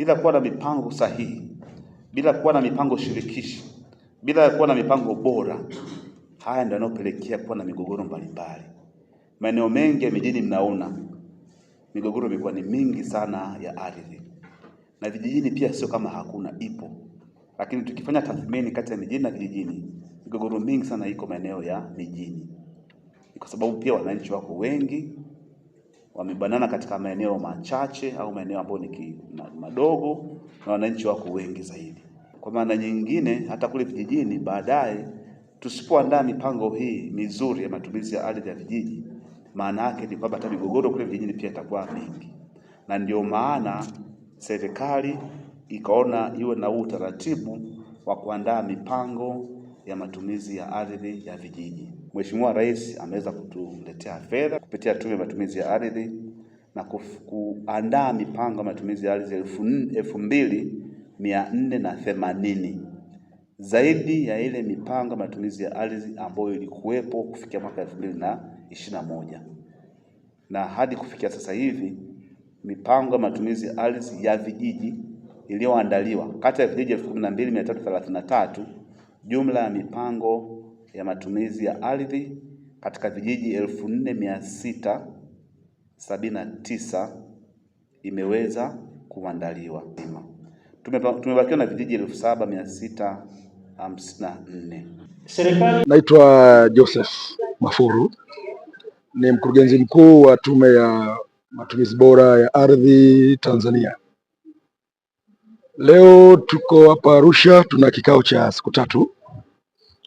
bila kuwa na mipango sahihi, bila kuwa na mipango shirikishi, bila kuwa na mipango bora. Haya ndio yanayopelekea kuwa na migogoro mbalimbali. Maeneo mengi ya mijini, mnaona migogoro imekuwa ni mingi sana ya ardhi, na vijijini pia sio kama hakuna, ipo, lakini tukifanya tathmini kati ya mijini na vijijini, migogoro mingi sana iko maeneo ya mijini, kwa sababu pia wananchi wako wengi wamebanana katika maeneo machache au maeneo ambayo ni madogo na wananchi wako wengi zaidi. Kwa maana nyingine, hata kule vijijini baadaye, tusipoandaa mipango hii mizuri ya matumizi ya ardhi ya vijiji, maana yake ni kwamba hata migogoro kule vijijini pia itakuwa mingi, na ndio maana serikali ikaona iwe na utaratibu wa kuandaa mipango ya matumizi ya ardhi ya vijiji. Mheshimiwa Rais ameweza kutuletea fedha kupitia Tume ya Matumizi ya Ardhi na kuandaa mipango ya matumizi ya ardhi elfu mbili mia nne na themanini zaidi ya ile mipango ya matumizi ya ardhi ambayo ilikuwepo kufikia mwaka elfu mbili na ishirini na moja na hadi kufikia sasa hivi mipango ya matumizi ya ardhi ya vijiji iliyoandaliwa kati ya vijiji elfu kumi na mbili mia tatu thelathini na tatu jumla ya mipango ya matumizi ya ardhi katika vijiji elfu nne mia sita sabini na tisa imeweza kuandaliwa. Tumebakiwa na vijiji elfu saba mia sita hamsini na nne. Naitwa Joseph Mafuru, ni mkurugenzi mkuu wa Tume ya Matumizi Bora ya Ardhi Tanzania. Leo tuko hapa Arusha, tuna kikao cha siku tatu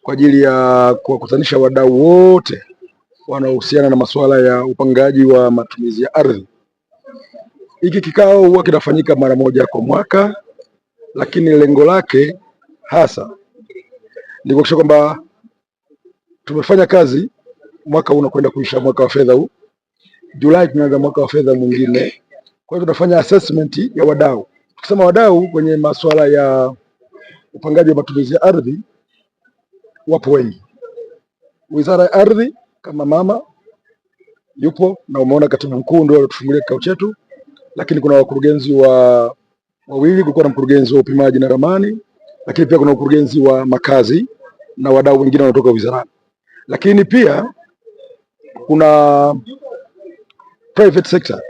kwa ajili ya kuwakutanisha wadau wote wanaohusiana na masuala ya upangaji wa matumizi ya ardhi. Hiki kikao huwa kinafanyika mara moja kwa mwaka, lakini lengo lake hasa ni kuhakikisha kwamba tumefanya kazi mwaka huu unakwenda kuisha, mwaka wa fedha huu Julai tunaanza mwaka wa fedha mwingine. Kwa hiyo tunafanya assessment ya wadau. Tukisema wadau kwenye masuala ya upangaji wa matumizi ya ardhi wapo wengi. Wizara ya Ardhi kama mama yupo na umeona katibu mkuu ndio aliotufungulia kikao chetu, lakini kuna wakurugenzi wa wawili, kulikuwa na mkurugenzi wa upimaji na ramani, lakini pia kuna ukurugenzi wa makazi na wadau wengine wanatoka wizarani, lakini pia kuna private sector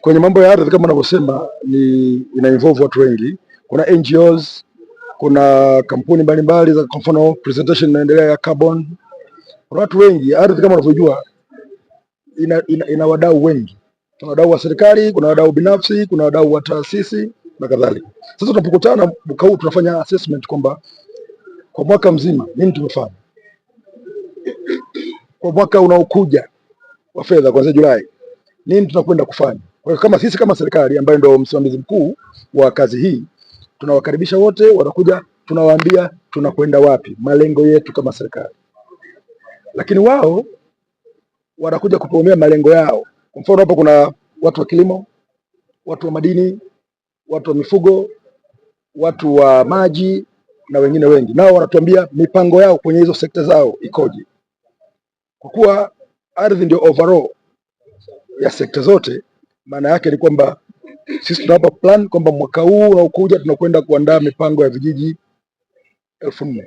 kwenye mambo ya ardhi. Kama unavyosema, ni ina involve watu wengi, kuna NGOs kuna kampuni mbalimbali za kwa mfano presentation inaendelea ya carbon. Kuna watu wengi, ardhi kama unavyojua ina, ina, ina wadau wengi. Kuna wadau wa serikali, kuna wadau binafsi, kuna wadau wa taasisi na kadhalika. Sasa tunapokutana mwaka huu tunafanya assessment kwamba kwa mwaka mzima nini tumefanya, kwa mwaka unaokuja wa fedha kuanzia Julai nini tunakwenda kufanya. Kwa hiyo kama sisi kama serikali ambayo ndio msimamizi mkuu wa kazi hii tunawakaribisha wote wanakuja, tunawaambia tunakwenda wapi, malengo yetu kama serikali, lakini wao wanakuja kupomea malengo yao. Kwa mfano hapo kuna watu wa kilimo, watu wa madini, watu wa mifugo, watu wa maji na wengine wengi, nao wanatuambia mipango yao kwenye hizo sekta zao ikoje, kwa kuwa ardhi ndio overall ya sekta zote. Maana yake ni kwamba sisi tunawapa plan kwamba mwaka huu unaokuja tunakwenda kuandaa mipango ya vijiji elfu nne.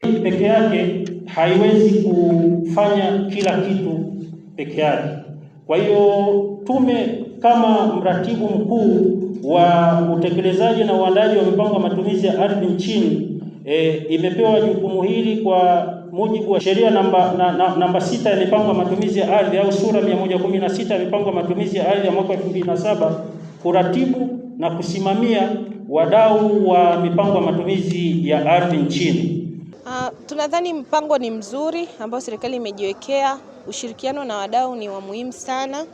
Peke yake haiwezi kufanya kila kitu peke yake. Kwa hiyo tume kama mratibu mkuu wa utekelezaji na uandaji wa mipango ya matumizi ya ardhi nchini e, imepewa jukumu hili kwa mujibu wa sheria namba, na, na, namba sita ya mipango ya matumizi ya ardhi au sura 116 ya mipango ya matumizi ya ardhi ya mwaka 2007 kuratibu na kusimamia wadau wa mipango ya matumizi ya ardhi nchini. Uh, tunadhani mpango ni mzuri ambao serikali imejiwekea. Ushirikiano na wadau ni wa muhimu sana,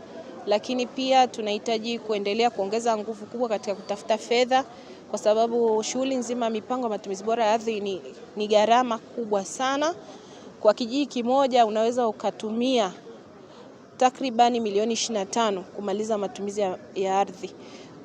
lakini pia tunahitaji kuendelea kuongeza nguvu kubwa katika kutafuta fedha, kwa sababu shughuli nzima mipango ya matumizi bora ya ardhi ni, ni gharama kubwa sana. Kwa kijiji kimoja unaweza ukatumia takribani milioni 25 kumaliza matumizi ya, ya ardhi.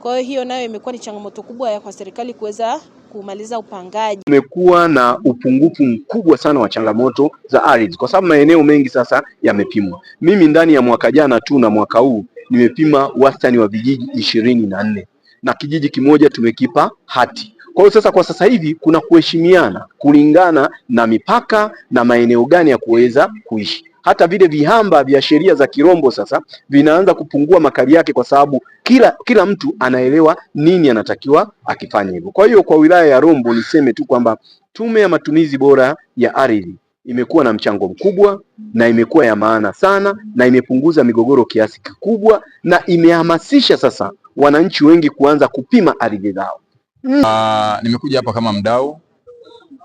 Kwa hiyo nayo imekuwa ni changamoto kubwa ya kwa serikali kuweza kumaliza upangaji. Kumekuwa na upungufu mkubwa sana wa changamoto za ardhi kwa sababu maeneo mengi sasa yamepimwa. Mimi ndani ya mwaka jana tu na mwaka huu nimepima wastani wa vijiji ishirini na nne na kijiji kimoja tumekipa hati. Kwa hiyo sasa, kwa sasa hivi kuna kuheshimiana kulingana na mipaka na maeneo gani ya kuweza kuishi hata vile vihamba vya sheria za Kirombo sasa vinaanza kupungua makali yake, kwa sababu kila kila mtu anaelewa nini anatakiwa akifanya hivyo. Kwa hiyo kwa wilaya ya Rombo niseme tu kwamba tume ya matumizi bora ya ardhi imekuwa na mchango mkubwa na imekuwa ya maana sana na imepunguza migogoro kiasi kikubwa na imehamasisha sasa wananchi wengi kuanza kupima ardhi zao. Mm. Uh, nimekuja hapa kama mdau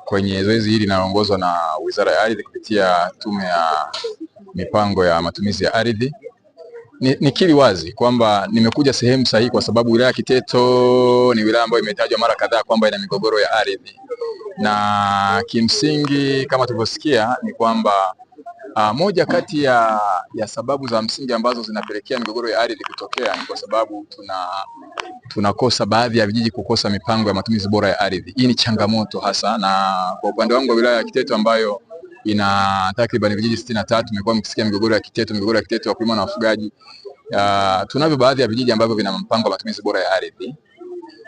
kwenye zoezi hili linaloongozwa na Wizara ya Ardhi kupitia Tume ya Mipango ya Matumizi ya Ardhi. Nikiri ni wazi kwamba nimekuja sehemu sahihi kwa sababu wilaya ya Kiteto ni wilaya ambayo imetajwa mara kadhaa kwamba ina migogoro ya ardhi, na kimsingi kama tulivyosikia ni kwamba Uh, moja kati ya, ya sababu za msingi ambazo zinapelekea migogoro ya ardhi kutokea ni kwa sababu tuna tunakosa baadhi ya vijiji kukosa mipango ya matumizi bora ya ardhi. Hii ni changamoto hasa, na kwa upande wangu wa wilaya ya Kiteto ambayo ina takriban vijiji sitini na tatu imekuwa mkisikia migogoro ya Kiteto, migogoro ya Kiteto wakulima na wafugaji. Uh, tunavyo baadhi ya vijiji ambavyo vina mpango wa matumizi bora ya ardhi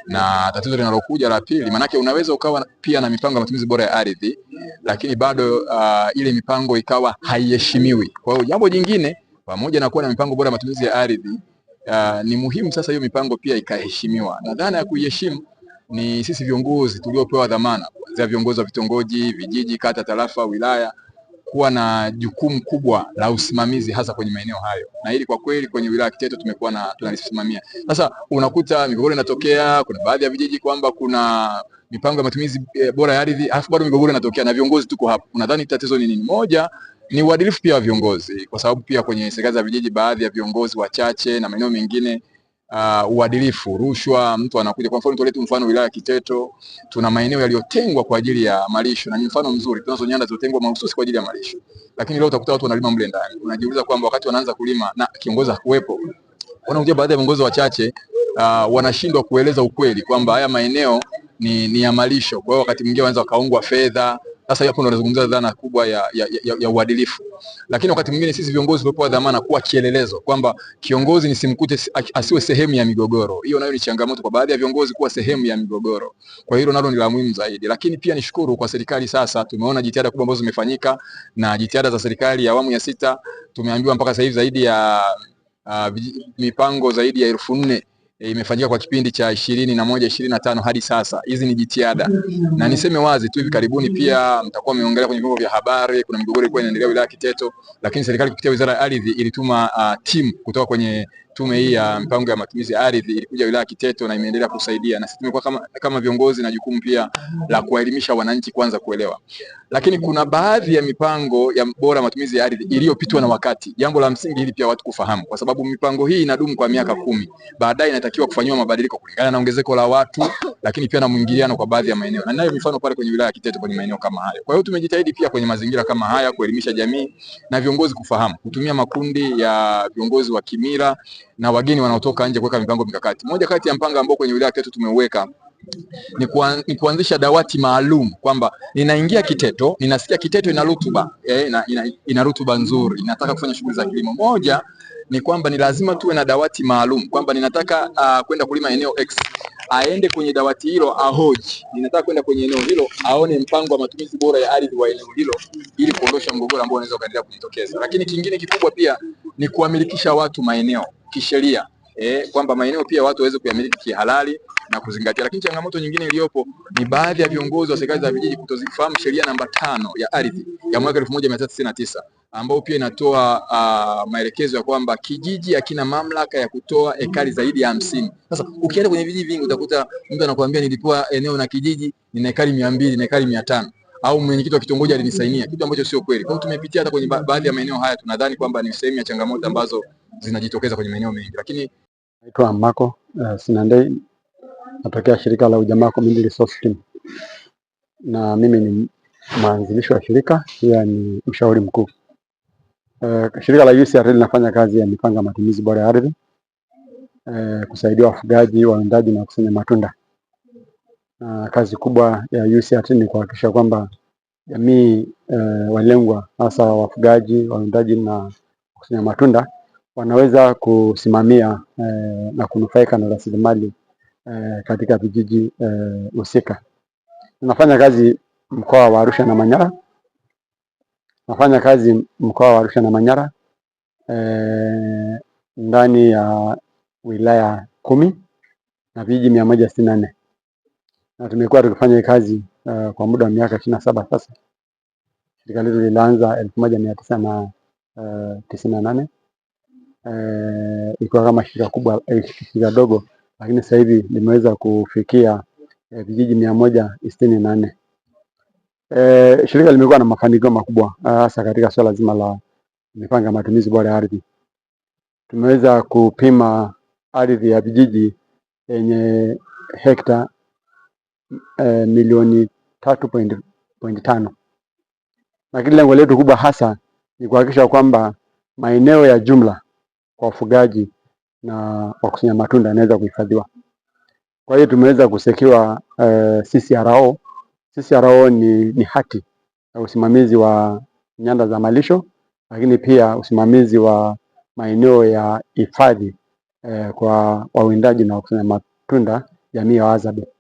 na tatizo linalokuja la pili, maanake unaweza ukawa pia na mipango ya matumizi bora ya ardhi, lakini bado uh, ile mipango ikawa haiheshimiwi. Kwa hiyo jambo jingine, pamoja na kuwa na mipango bora ya matumizi ya ardhi uh, ni muhimu sasa hiyo mipango pia ikaheshimiwa, na dhana ya kuiheshimu ni sisi viongozi tuliopewa dhamana, kuanzia viongozi wa vitongoji, vijiji, kata, tarafa, wilaya tumekuwa na jukumu kubwa la usimamizi hasa kwenye maeneo hayo, na hili kwa kweli kwenye wilaya ya Kiteto tumekuwa na tunalisimamia. Sasa unakuta migogoro inatokea, kuna baadhi ya vijiji kwamba kuna mipango ya matumizi eh, bora ya ardhi, alafu bado migogoro inatokea na viongozi tuko hapo Unadhani tatizo ni nini? Moja ni uadilifu pia wa viongozi, kwa sababu pia kwenye serikali za vijiji baadhi ya viongozi wachache na maeneo mengine uh, uadilifu, rushwa. Mtu anakuja kwa mfano, tulete mfano wilaya Kiteto, tuna maeneo yaliyotengwa kwa ajili ya malisho na ni mfano mzuri, tunazo nyanda zilizotengwa mahususi kwa ajili ya malisho, lakini leo utakuta watu wanalima mle ndani. Unajiuliza kwamba wakati wanaanza kulima na kiongozi hakuwepo, wanakuja baadhi ya viongozi wachache uh, wanashindwa kueleza ukweli kwamba haya maeneo ni, ni ya malisho. Kwa hiyo wakati mwingine wanaweza wakaongwa fedha sasa hapo ndo nazungumzia dhana kubwa ya, ya, ya, ya uadilifu. Lakini wakati mwingine sisi viongozi tumepewa dhamana kuwa kielelezo, kwamba kiongozi nisimkute asiwe sehemu ya migogoro. Hiyo nayo ni changamoto kwa baadhi ya viongozi kuwa sehemu ya migogoro, kwa hilo nalo ni la muhimu zaidi. Lakini pia nishukuru kwa serikali, sasa tumeona jitihada kubwa ambazo zimefanyika na jitihada za serikali ya awamu ya sita, tumeambiwa mpaka sasa hivi zaidi ya uh, mipango zaidi ya elfu nne e, imefanyika kwa kipindi cha ishirini na moja ishirini na tano hadi sasa. Hizi ni jitihada na niseme wazi tu, hivi karibuni pia mtakuwa mmeongelea kwenye vyombo vya habari, kuna migogoro ilikuwa inaendelea wilaya Kiteto, lakini serikali kupitia wizara ya ardhi ilituma uh, ah, timu kutoka kwenye tume hii ya mpango ya matumizi ya ardhi ilikuja wilaya Kiteto na imeendelea kusaidia, na sisi tumekuwa kama, kama viongozi na jukumu pia la kuwaelimisha wananchi kwanza kuelewa. Lakini kuna baadhi ya mipango ya bora matumizi ya ardhi iliyopitwa na wakati. Jambo la msingi hili pia watu kufahamu, kwa sababu mipango hii inadumu kwa miaka kumi, baadaye inatakiwa kufanyiwa mabadiliko kulingana na ongezeko la watu, lakini pia na mwingiliano kwa baadhi ya maeneo, na nayo mifano pale kwenye wilaya ya Kiteto kwenye maeneo kama hayo. Kwa hiyo tumejitahidi pia kwenye mazingira kama haya kuelimisha jamii na viongozi kufahamu, kutumia makundi ya viongozi wa kimila na wageni wanaotoka nje kuweka mipango mikakati. Moja kati ya mpango ambao kwenye wilaya Kiteto tumeuweka ni, kuan, ni kuanzisha dawati maalum kwamba ninaingia Kiteto, ninasikia Kiteto ina rutuba eh, ina, ina, ina rutuba nzuri, nataka kufanya shughuli za kilimo. Moja ni kwamba ni lazima tuwe na dawati maalum kwamba ninataka uh, kwenda kulima eneo X, aende kwenye dawati hilo ahoji, ninataka kwenda kwenye eneo hilo, aone mpango wa matumizi bora ya ardhi wa eneo hilo, ili kuondosha mgogoro ambao unaweza kuendelea kujitokeza. Lakini kingine kikubwa pia ni kuwamilikisha watu maeneo kisheria e, kwamba maeneo pia watu waweze kuyamiliki kihalali na kuzingatia. Lakini changamoto nyingine iliyopo ni baadhi ya viongozi wa serikali za vijiji kutozifahamu sheria namba tano ya ardhi ya mwaka tisa ambayo pia inatoa uh, maelekezo ya kwamba kijiji hakina mamlaka ya kutoa ekari zaidi ya hamsini. Sasa ukienda kwenye vijiji vingi utakuta mtu anakuambia nilipewa eneo na kijiji nina ekari mia mbili na ekari mia tano au mwenyekiti wa kitongoji alinisainia kitu ambacho sio kweli. Kwa hiyo tumepitia hata kwenye baadhi ya maeneo haya, tunadhani kwamba ni sehemu ya changamoto ambazo zinajitokeza kwenye maeneo mengi, lakini naitwa Mako uh, Sinandei natokea shirika la Ujamaa Community Resource Team, na mimi ni mwanzilishi wa shirika, pia ni mshauri mkuu. Uh, shirika la UCRT linafanya kazi ya mipango ya matumizi bora ya ardhi, uh, kusaidia wafugaji, wawindaji na kusanya matunda na kazi kubwa ya UCRT ni kuhakikisha kwamba jamii e, walengwa hasa wafugaji, wawindaji na wakusanya matunda wanaweza kusimamia e, na kunufaika na rasilimali e, katika vijiji husika. E, tunafanya kazi mkoa wa Arusha na Manyara, nafanya kazi mkoa wa Arusha na Manyara e, ndani ya wilaya kumi na vijiji mia moja sitini na nne na tumekuwa tukifanya kazi uh, kwa muda wa miaka ishirini na saba sasa. Shirika letu lilianza elfu moja mia tisa na uh, tisini na nane uh, ikiwa kama shirika kubwa eh, shirika dogo, lakini sasa hivi limeweza kufikia eh, vijiji mia moja sitini na nne. Eh, shirika limekuwa na mafanikio makubwa uh, hasa uh, katika swala zima la mipango ya matumizi bora ya ardhi. Tumeweza kupima ardhi ya vijiji yenye hekta eh, milioni tatu pointi tano, lakini lengo letu kubwa hasa ni kuhakikisha kwamba maeneo ya jumla kwa wafugaji na wakusanya matunda yanaweza kuhifadhiwa. Kwa hiyo tumeweza kusekiwa eh, CCRO. CCRO ni, ni hati ya usimamizi wa nyanda za malisho lakini pia usimamizi wa maeneo ya hifadhi eh, kwa wawindaji na wakusanya matunda jamii ya wazabe.